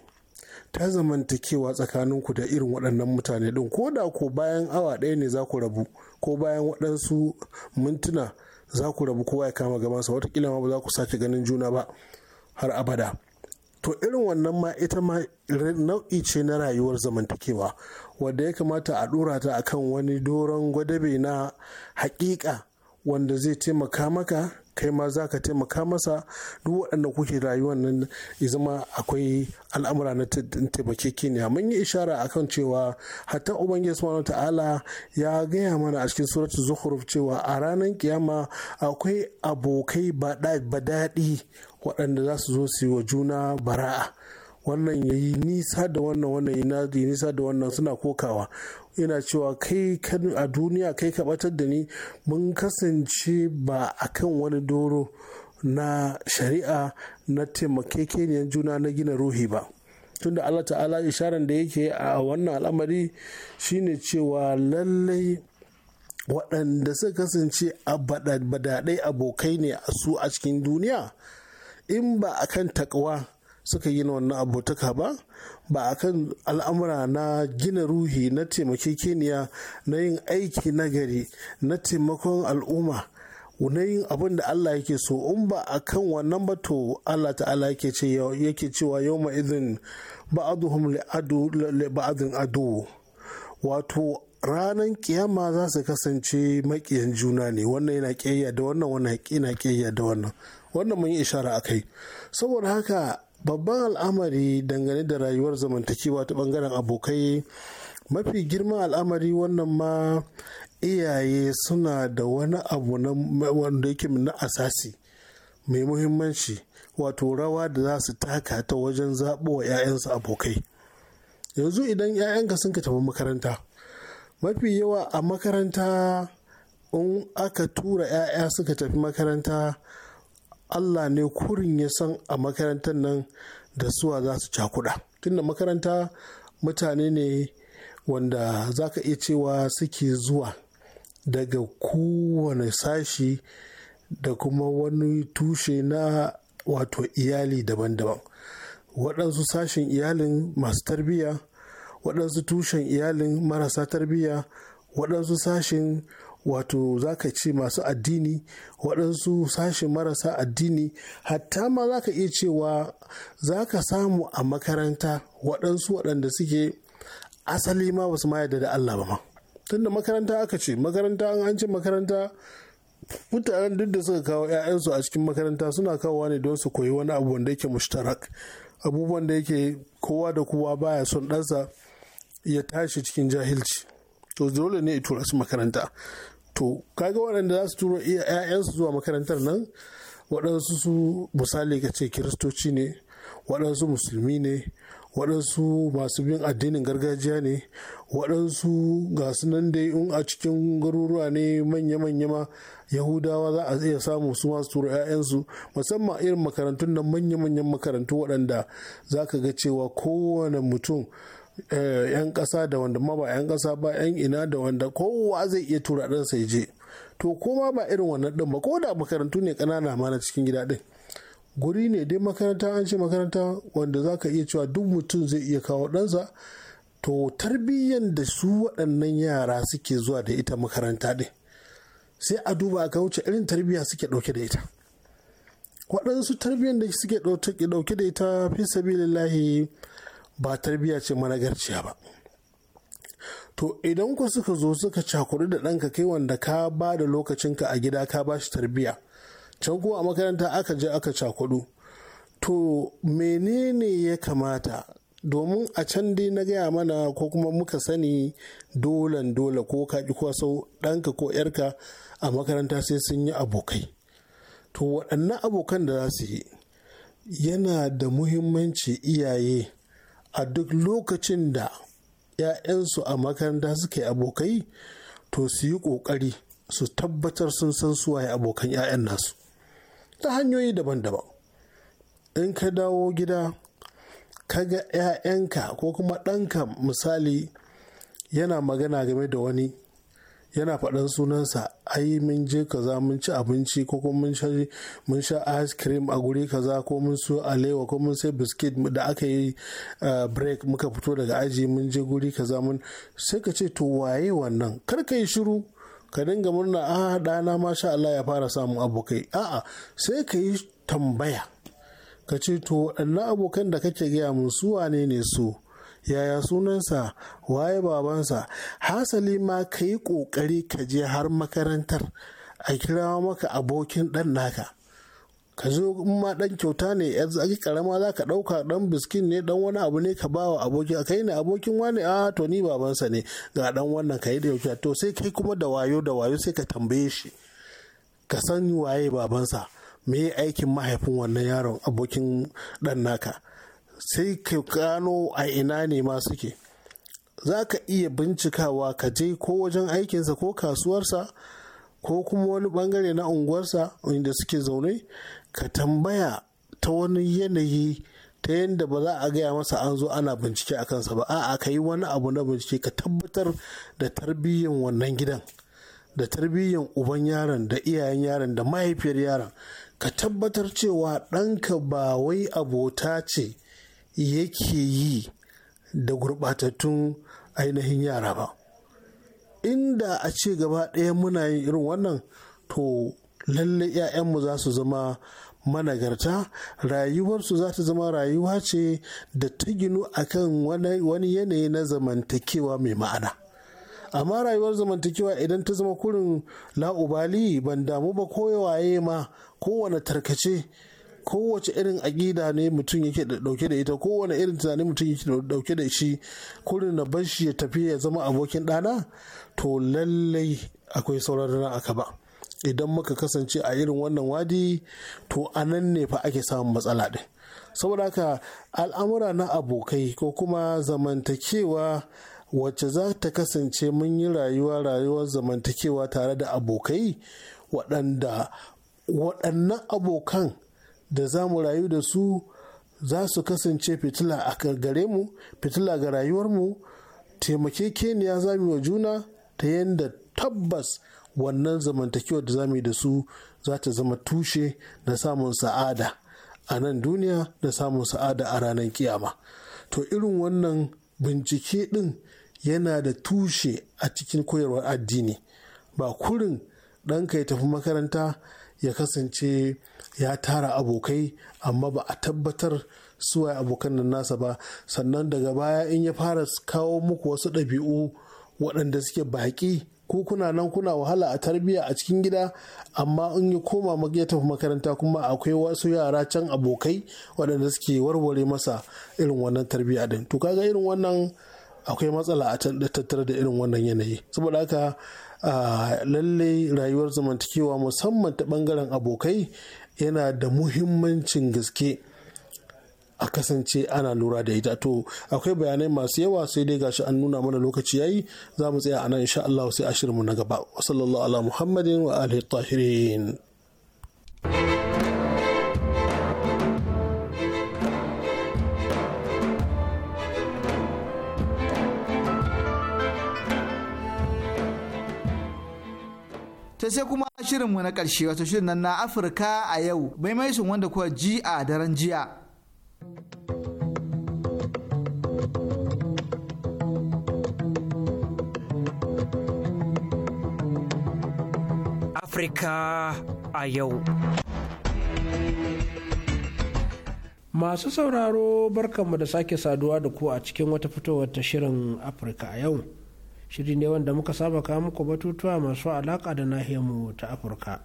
ta zamantakewa tsakaninku da irin waɗannan mutane ɗin ko da ko bayan awa ɗaya ne za ku rabu ko bayan waɗansu mintuna za ku rabu kowa ya kama gabansa watakila ma ba za ku sake ganin juna ba har abada to irin wannan ma ita ma nau'i ce na rayuwar zamantakewa wadda ya kamata a ɗora ta akan wani doron gwadabe na haƙiƙa. wanda zai taimaka maka kai ma za ka taimaka masa duk waɗanda kuke rayuwa nan ya zama akwai al'amura na taimakekeniya mun yi ishara a kan cewa hatta ubangiji subhanahu ta'ala ya gaya mana a cikin suratul zukhruf cewa a ranar kiyama akwai abokai ba daɗi waɗanda za su zo su yi wa juna bara'a wannan ya yi nisa da wannan wannan ya yi nisa da wannan suna kokawa yana cewa kai a duniya kai ka batar da ni mun kasance ba a kan wani doro na shari'a na taimakekeniyar juna na gina ruhi ba tunda Allah ta'ala isharar da yake a wannan al'amari shine cewa lallai waɗanda suka kasance a badaɗai abokai ne a su a cikin duniya in ba a kan takwa suka gina wannan abotaka ba ba a kan al'amura na gina ruhi na taimakekeniya na yin aiki nagari na taimakon al'umma na yin abin da Allah yake so in ba a kan wannan ba to Allah ta'ala yake cewa yau ma izin ba'aduhum ba'adun adu wato ranar kiyama za su kasance maƙiyan juna ne wannan yana ƙiyayya da wannan wannan yana ƙiyayya da wannan wannan mun yi ishara a kai saboda haka babban al'amari dangane da rayuwar zamantakewa ta bangaren abokai mafi girma al'amari wannan ma iyaye suna da wani abu wanda yake na asasi mai muhimmanci wato rawa da za su taka ta wajen zaɓo wa 'ya'yansu abokai yanzu idan 'ya'yanka sun ka tafi makaranta mafi yawa a makaranta in aka tura 'ya'ya suka tafi makaranta Allah ne kurin ya san a makarantar nan da suwa za su cakuɗa tunda makaranta mutane ne wanda za ka iya cewa suke zuwa daga kowane sashi da kuma wani tushe na wato iyali daban-daban waɗansu sashen iyalin masu tarbiyya waɗansu tushen iyalin marasa tarbiyya waɗansu sashen wato za ka ce masu addini waɗansu sashi marasa addini hatta ma za ka iya cewa za ka samu a makaranta waɗansu waɗanda suke asali ma su ma yarda da Allah ba ma tunda makaranta aka ce makaranta an ce makaranta mutanen duk da suka kawo 'ya'yansu a cikin makaranta suna kawowa ne don su koyi wani abu wanda yake mushtarak abubuwan da yake kowa da kowa baya son ɗansa ya tashi cikin jahilci to dole ne ya tura su makaranta to kaga waɗanda za su turo 'ya'yansu zuwa makarantar nan waɗansu su misali ka ce kiristoci ne waɗansu musulmi ne waɗansu masu bin addinin gargajiya ne waɗansu ga su nan dai a cikin garuruwa ne manya-manya ma yahudawa za a iya samu su masu turo 'ya'yansu musamman irin makarantun nan manya-manyan makarantu waɗanda za ka ga cewa kowane mutum Eh, 'yan kasa da wanda ma ba 'yan kasa ba 'yan ina da wanda kowa zai iya tura dansa ya je to koma ba irin wannan ɗin ba ko da makarantu ne kanana ma na cikin gida din guri ne dai makaranta an ce makaranta wanda za ka iya cewa duk mutum zai iya kawo ɗansa to tarbiyyan da su waɗannan yara suke zuwa da ita makaranta din sai a duba a wuce irin tarbiyya suke ɗauke da ita waɗansu tarbiyyar da suke ɗauke da ita fi sabilillahi ba tarbiyya ce managarciya ba to idan ku suka zo suka cakuri da ɗanka kai wanda ka ba da lokacinka a gida ka ba shi tarbiyya can kuma a makaranta aka je aka cakudu to menene ya kamata domin a can dai na gaya mana ko kuma muka sani dolan dole ko ko sau ɗanka ko ‘yarka a makaranta sai sun yi abokai to waɗannan abokan da za su yi yana da muhimmanci iyaye a duk lokacin da 'ya'yansu a makaranta suke abokai to su yi ƙoƙari su tabbatar sun san suwaye abokan 'ya'yan nasu ta hanyoyi daban-daban in ka dawo gida ka ga 'ya'yanka ko kuma ɗanka misali yana magana game da wani yana faɗan sunansa ai mun je kaza mun ci abinci ko kuma mun sha ice cream a guri kaza ko mun su alewa ko mun sai biskit da aka yi eh, break muka fito daga aji mun je guri kaza mun sai ka ce to waye wannan kar ka yi shiru ka dinga murna a ah, ɗana masha Allah ya fara samun abokai a'a sai ka yi tambaya ka ce to waɗannan abokan da kake gaya mun su wane ne su yaya sunansa waye babansa hasali ma ka yi ƙoƙari ka je har makarantar a kira maka abokin ɗan naka ka zo in ma dan kyauta ne yanzu zaki karama za ka dauka dan biskin ne dan wani abu ne ka ba wa aboki a kai ne abokin wani a to ni babansa ne ga dan wannan ka yi da kyauta to sai kai kuma da wayo da wayo sai ka tambaye shi ka san waye babansa me aikin mahaifin wannan yaron abokin ɗan naka sai ka gano a ina ne ma suke za ka iya bincikawa ka je ko wajen aikinsa ko kasuwarsa ko kuma wani bangare na unguwarsa inda suke zaune ka tambaya ta wani yanayi ta yadda ba za a gaya masa an zo ana bincike a kansa ba a'a ka yi wani abu na bincike ka tabbatar da tarbiyyan wannan gidan da tarbiyyan uban yaron da iyayen yaron da mahaifiyar yaron ka tabbatar cewa ɗanka ba wai abota ce yake yi da gurɓatattun ainihin yara ba inda a ce gaba ɗaya muna yin irin wannan to lalle 'ya'yanmu za su zama managarta rayuwarsu za ta zama rayuwa ce da ta ginu akan wani yanayi na zamantakewa mai ma'ana amma rayuwar zamantakewa idan ta zama kurin la'ubali ban damu ba waye ma kowane tarkace kowace irin aƙida ne mutum yake dauke da ita kowane irin tunani mutum yake dauke da shi kurin na ban shi ya tafi ya zama abokin ɗana to lallai akwai sauran na aka ba idan muka kasance a irin wannan wadi to a nan ne fa ake samun matsala ɗin saboda haka al'amura na abokai ko kuma zamantakewa wacce za ta kasance mun yi rayuwa rayuwar zamantakewa tare da abokai waɗanda waɗannan abokan da za mu rayu da su za su kasance fitila a gare mu fitila ga rayuwarmu taimakekeniya za mu wa juna ta yadda tabbas wannan zamantakewar da za mu yi da su za ta zama tushe na samun sa'ada a nan duniya da samun sa'ada a ranar kiyama to irin wannan bincike ɗin yana da tushe a cikin koyarwar addini ba kurin ɗanka ya tafi makaranta ya kasance ya tara abokai amma ba a tabbatar suwaye abokan nan nasa ba sannan daga baya in ya fara kawo muku wasu ɗabi'u waɗanda suke baƙi ko kuna nan kuna wahala a tarbiyya a cikin gida amma in ya koma ya tafi makaranta kuma akwai wasu yara can abokai waɗanda suke warware masa irin wannan tarbiyya din to kaga irin wannan akwai matsala a tattare da irin wannan yanayi saboda haka ah, lalle rayuwar zamantakewa musamman ta bangaren abokai yana da muhimmancin gaske a kasance ana lura da ita to akwai bayanai masu yawa sai dai gashi an nuna mana lokaci yayi za mu tsaya a nan insha Allah sai a mu na gaba sallallahu ala muhammadin wa alihi tahirin sai sai kuma shirinmu na ƙarshe wato shirin nan na afirka a yau mai sun wanda kuwa ji a daren jiya afirka a yau masu sauraro barkanmu da sake saduwa da ku a cikin wata fitowar ta shirin afirka a yau shiri ne wanda muka saba kawo muku batutuwa masu alaƙa da nahiyarmu ta afirka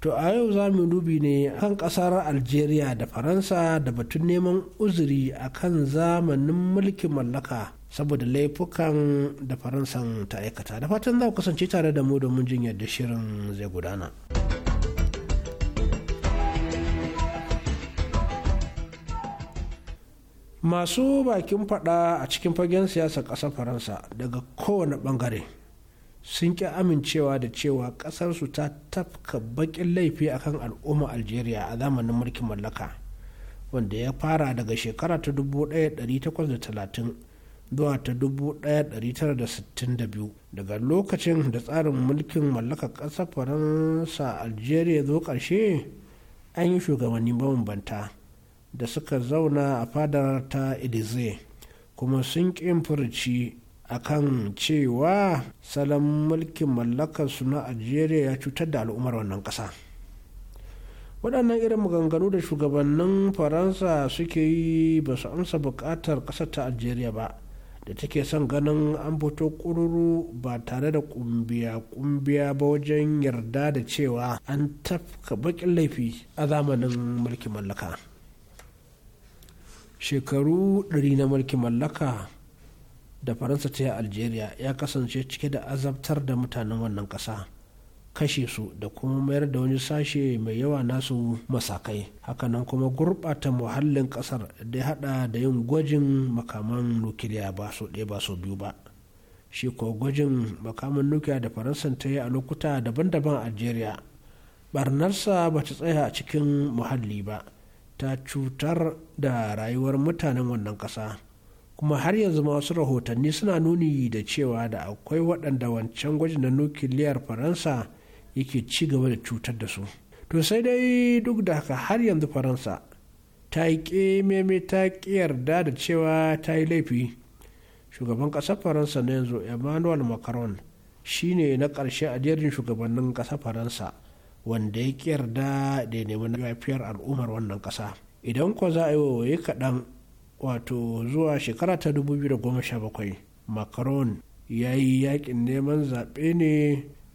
to a yau za mu dubi ne kan ƙasar algeria da faransa da batun neman uzuri a kan zamanin mulkin mallaka saboda laifukan da faransan ta aikata da fatan za ku kasance tare da mu domin jin yadda shirin zai gudana. masu bakin fada a cikin fagen siyasar ƙasar faransa daga kowane bangare sun ƙi amincewa da cewa ƙasarsu ta tafka baƙin laifi akan al'umma algeria a zamanin mulkin mallaka wanda ya fara daga shekara ta 1830 zuwa ta 1962 daga lokacin da tsarin mulkin mallakar ƙasar faransa algeria zo ƙarshe an yi shugabanni mabambanta. da suka zauna a fadar ta idize kuma sun ƙin furci a kan cewa salon mulkin mallakarsu na Algeria ya cutar da al'ummar wannan ƙasa. waɗannan irin maganganu da shugabannin faransa suke yi ba su amsa buƙatar ƙasar ta algeria ba da take son ganin an fito ƙururu ba tare da ƙumbiya-ƙumbiya ba wajen yarda da cewa an tafka baƙin laifi a zamanin mulkin mallaka. shekaru 100 na mulkin mallaka da faransa ta yi algeria ya kasance cike da azabtar da mutanen wannan kasa kashe su da kuma mayar da wani sashe mai yawa nasu masakai hakanan kuma gurɓata muhallin ƙasar da ya haɗa da yin gwajin makaman nukiliya ba su ɗaya ba su biyu ba shi ko gwajin makaman nukiliya da faransa ta yi a lokuta daban-daban algeria barnarsa ba ta tsaya a cikin muhalli ba ta cutar da rayuwar mutanen wannan ƙasa kuma har yanzu masu rahotanni suna nuni da cewa da akwai waɗanda wancan gwajin na nukiliyar faransa yake ci gaba da cutar da su to sai dai duk da haka har yanzu faransa ta yi ƙememe ta yarda da cewa ta yi laifi shugaban ƙasar faransa na yanzu emmanuel macron shine na ƙarshe a jerin shugabannin ƙasar faransa wanda ya yarda da ya nemi lafiyar al'ummar wannan ƙasa idan ko za a yi waye kaɗan wato zuwa shekara ta 2017 macron ya yi yakin neman zaɓe ne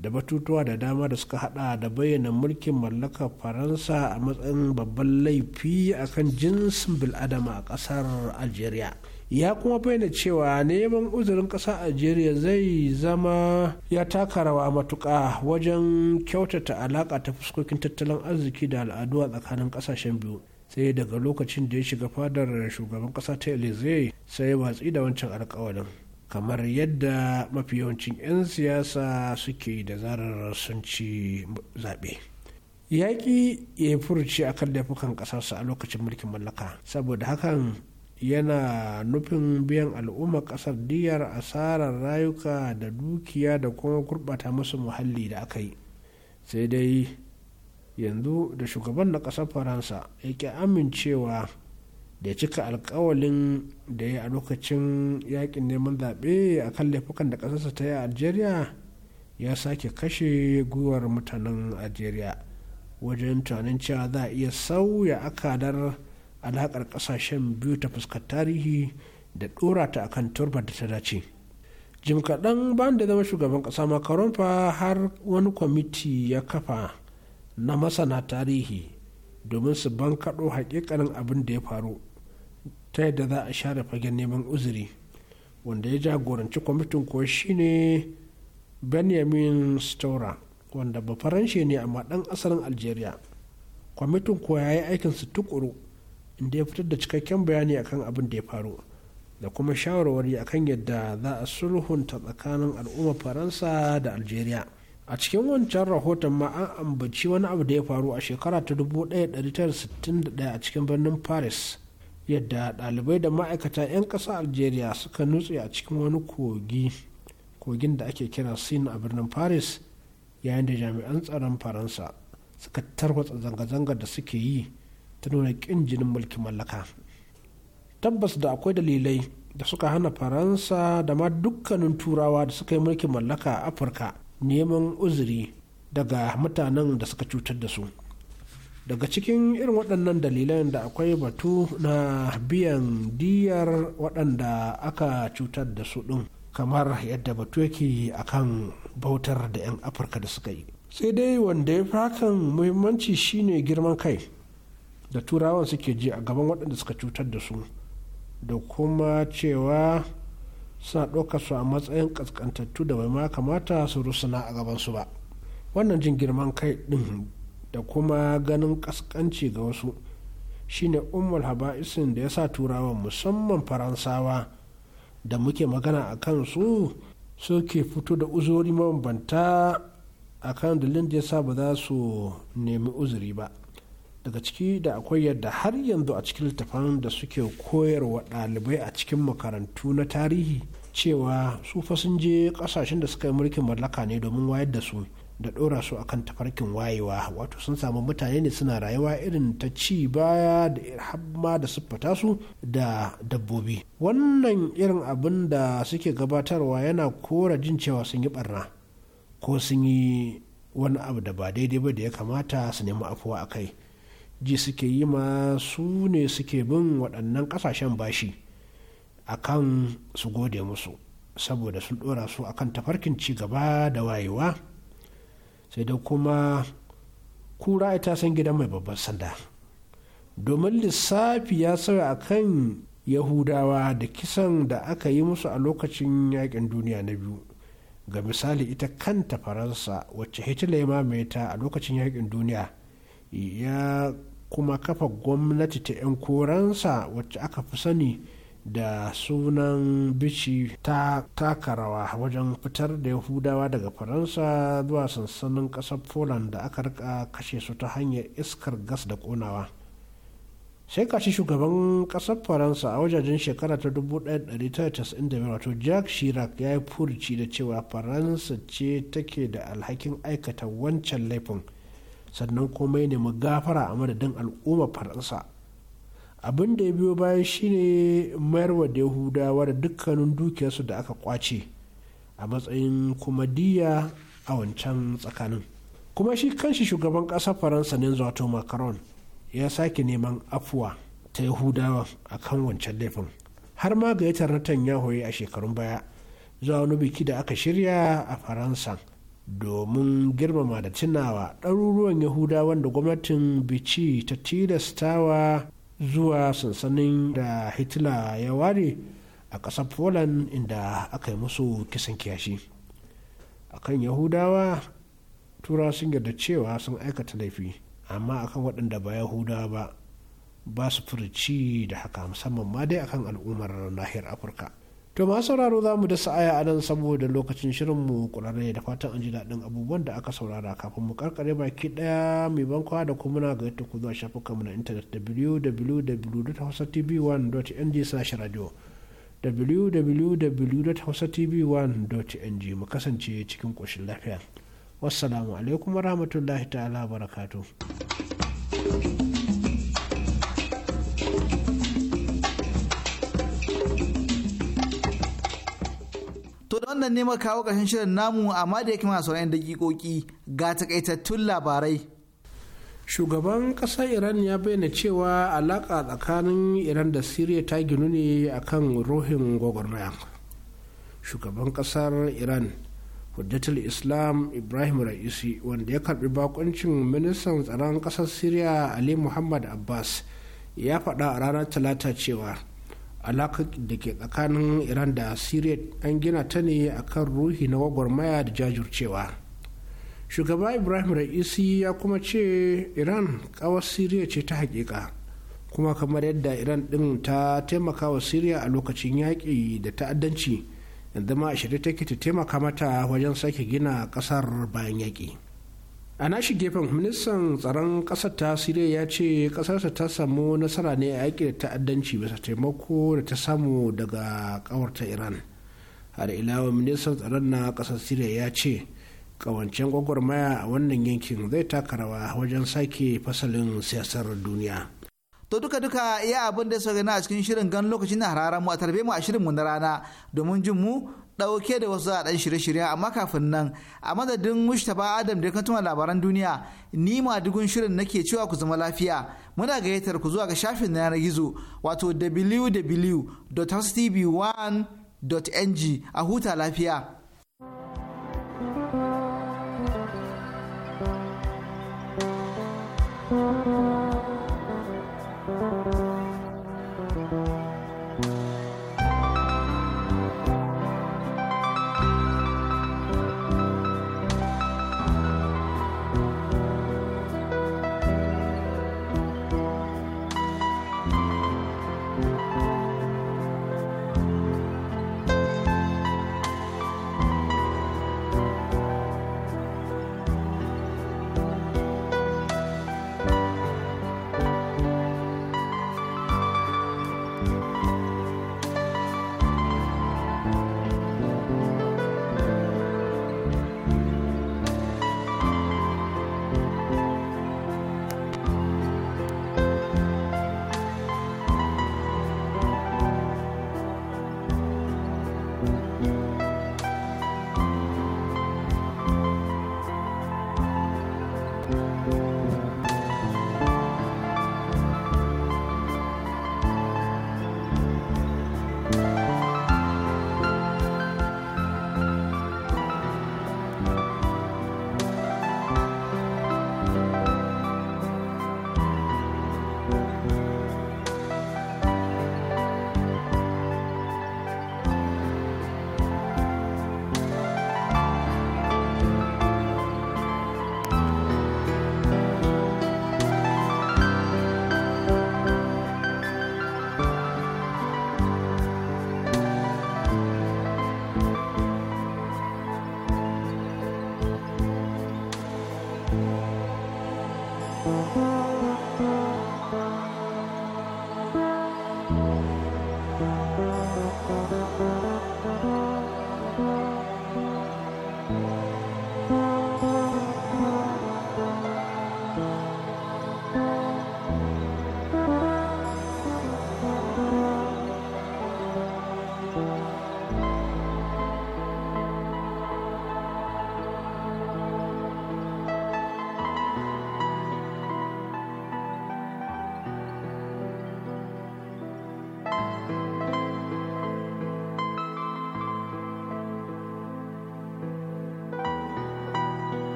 da batutuwa da dama da suka hada da bayyana mulkin mallakar faransa a matsayin babban laifi akan jinsin bil'adama a ƙasar algeria ya kuma bayyana cewa neman uzurin ƙasa algeria zai zama ya taka rawa matuƙa wajen kyautata alaƙa ta fuskokin tattalin arziki da al'adu a tsakanin ƙasashen biyu sai daga lokacin da ya shiga fadar shugaban ƙasa ta elize sai watsi da wancan alƙawarin kamar yadda mafi yawancin 'yan siyasa suke da zarar sun ci zaɓe. yaƙi ya furci kan laifukan ƙasarsa a lokacin mulkin mallaka saboda hakan yana nufin biyan al'umma ƙasar diyar asarar rayuka da dukiya da kuma gurɓata musu muhalli da aka yi sai dai yanzu da shugaban na ƙasar faransa ya ƙi amincewa da cika alkawalin da ya a lokacin yakin neman zaɓe a kan laifukan da ƙasarsa ta yi a algeria ya sake kashe gwiwar mutanen algeria wajen tunanin cewa za a iya sauya akadar alaƙar ƙasashen biyu ta fuskar tarihi da ɗora ta akan turba da ta dace jim kaɗan ban da zama shugaban ƙasa makaron fa har wani kwamiti ya kafa na masana tarihi domin su bankaɗo haƙiƙanin abin da ya faru ta yadda za a share fagen neman uzuri wanda ya jagoranci kwamitin shi shine benjamin stora wanda bafaranshe ne amma ɗan asalin algeria kwamitin kuwa ya yi aikinsu tukuru inda ya fitar da cikakken bayani akan abin da ya faru da kuma shawarwari akan yadda za a sulhunta tsakanin al'ummar faransa da algeria a cikin wancan rahoton ma an ambaci wani abu da ya faru a shekara ta 1961 a cikin birnin paris yadda ɗalibai da ma'aikata 'yan ƙasa algeria suka nutse a cikin wani kogi kogin da ake kira sin a birnin paris yayin da jami'an tsaron faransa suka tarwatsa zanga-zangar da suke yi ta nuna ƙin jinin mulkin mallaka tabbas da akwai dalilai da suka hana faransa da ma dukkanin turawa da suka yi mulkin mallaka a afirka neman uzuri daga mutanen da suka cutar da su daga cikin irin waɗannan dalilan da akwai batu na biyan diyar waɗanda aka cutar da su ɗin kamar yadda batu yake akan bautar da 'yan afirka da suka yi sai dai wanda ya fi hakan muhimmanci shine girman kai da turawan suke ji a gaban waɗanda suka cutar da su da kuma cewa suna ɗauka su a matsayin ƙasƙantattu da bai ma kamata su rusuna a gaban su ba wannan jin girman kai ɗin da kuma ganin ƙasƙanci ga wasu shine umar haba'isin da ya sa turawan musamman faransawa da muke magana a kansu suke fito da uzuri mabambanta a kan dalilin da ya sa ba za su nemi uzuri ba daga ciki da akwai yadda har yanzu a cikin littafan da suke koyarwa ɗalibai a cikin makarantu na tarihi cewa su fa sun je ƙasashen da suka yi mulkin mallaka ne domin wayar da su da ɗora su akan tafarkin wayewa wato sun samu mutane ne suna rayuwa irin ta ci baya da hamma da siffata su da dabbobi wannan irin abin da suke gabatarwa yana kora jin cewa sun yi barna ko sun yi wani abu da ba daidai ba da ya kamata su nemi afuwa a kai ji suke yi ma su ne suke bin waɗannan ƙasashen bashi akan su gode musu saboda sun ɗora su a kan tafarkin ci gaba da wayewa sai da kuma kura ita san gidan mai babban sanda domin lissafi ya sauya akan yahudawa da kisan da aka yi musu a lokacin yakin duniya na biyu ga misali ita kanta faransa wacce hitler ya mamaye ta a lokacin yakin duniya ya kuma kafa gwamnati ta 'yan koransa wacce aka fi sani da sunan bici ta taka wajen fitar da yahudawa daga faransa zuwa sansanin ƙasar poland da aka rika kashe su ta hanyar iskar gas da konawa sai kashi shugaban ƙasar faransa a wajajen shekara ta 1995 wato jack chirac ya yi furuci da cewa faransa ce take da alhakin aikata wancan laifin sannan komai ne mu gafara a madadin al'ummar faransa abin da ya biyo bayan shine wa da yahudawa da dukkanin dukiyarsu da aka kwace a matsayin kuma diya a wancan tsakanin kuma shi kanshi shugaban ƙasar faransa ne zato macron ya sake neman afuwa ta yahudawa a kan wancan laifin har ma gayyatar hoyi a shekarun baya zuwa wani biki da aka shirya a faransa domin girmama da tunawa ɗaruruwan yahuda wanda gwamnatin bici ta tilastawa zuwa sansanin da hitler ya ware a ƙasar poland inda aka yi musu kisan kiyashi akan yahudawa tura sun yarda cewa sun aikata laifi amma akan waɗanda ba yahudawa ba ba su furci da haka musamman ma dai akan al'ummar nahiyar afirka to ma sauraro za mu da sa'aya a nan saboda lokacin shirinmu kurare da fatan an ji daɗin abubuwan da aka saurara kafin mu karkare baki ɗaya mai bankwa da kuma na gayyata ku zuwa shafukanmu na intanet www.hausatv1.ng slash radio www.hausatv1.ng mu kasance cikin ƙoshin lafiya wassalamu alaikum warahmatullahi ta'ala barakatuh da wannan nema kawo ƙarshen shirin namu amma da ya mana sauran dakikoki ga takaitattun labarai. Shugaban ƙasar Iran ya bayyana cewa alaƙa tsakanin Iran da Siriya ta ginu ne akan ruhin gwagwarmaya. Shugaban ƙasar Iran Hujjatul Islam Ibrahim Ra'isi wanda ya karɓi bakuncin ministan tsaron ƙasar Siriya Ali Muhammad Abbas ya faɗa a ranar Talata cewa alaƙa da ke tsakanin iran da syria an gina ta ne akan ruhi na gwagwarmaya da jajircewa shugaba ibrahim ra'isi ya kuma ce iran kawar syria ce ta haƙiƙa kuma kamar yadda iran ɗin ta taimaka wa syria a lokacin yaƙi da ta'addanci yanzu ma a take ta taimaka mata wajen sake gina ƙasar bayan yaƙi. a nashi gefen ministan tsaron ƙasar ta siriya ya ce ƙasarsa ta samu nasara ne a yaƙi da ta'addanci bisa taimako da ta samu daga ta iran har ilawa ministan tsaron na kasar siriya ya ce ƙawancen gwagwarmaya a wannan yankin zai taka rawa wajen sake fasalin siyasar duniya to duka duka iya abin da suka gani a cikin shirin gan lokacin na hararen mu a tarbe mu a shirin mu na rana domin jin mu ɗauke da wasu zaɗan shirye-shirye amma kafin nan a madadin mustapha adam da ya kantuma labaran duniya ni ma dugun shirin nake cewa ku zama lafiya muna gayyatar ku zuwa ga shafin na yanar gizo wato www.hostv1.ng a huta lafiya.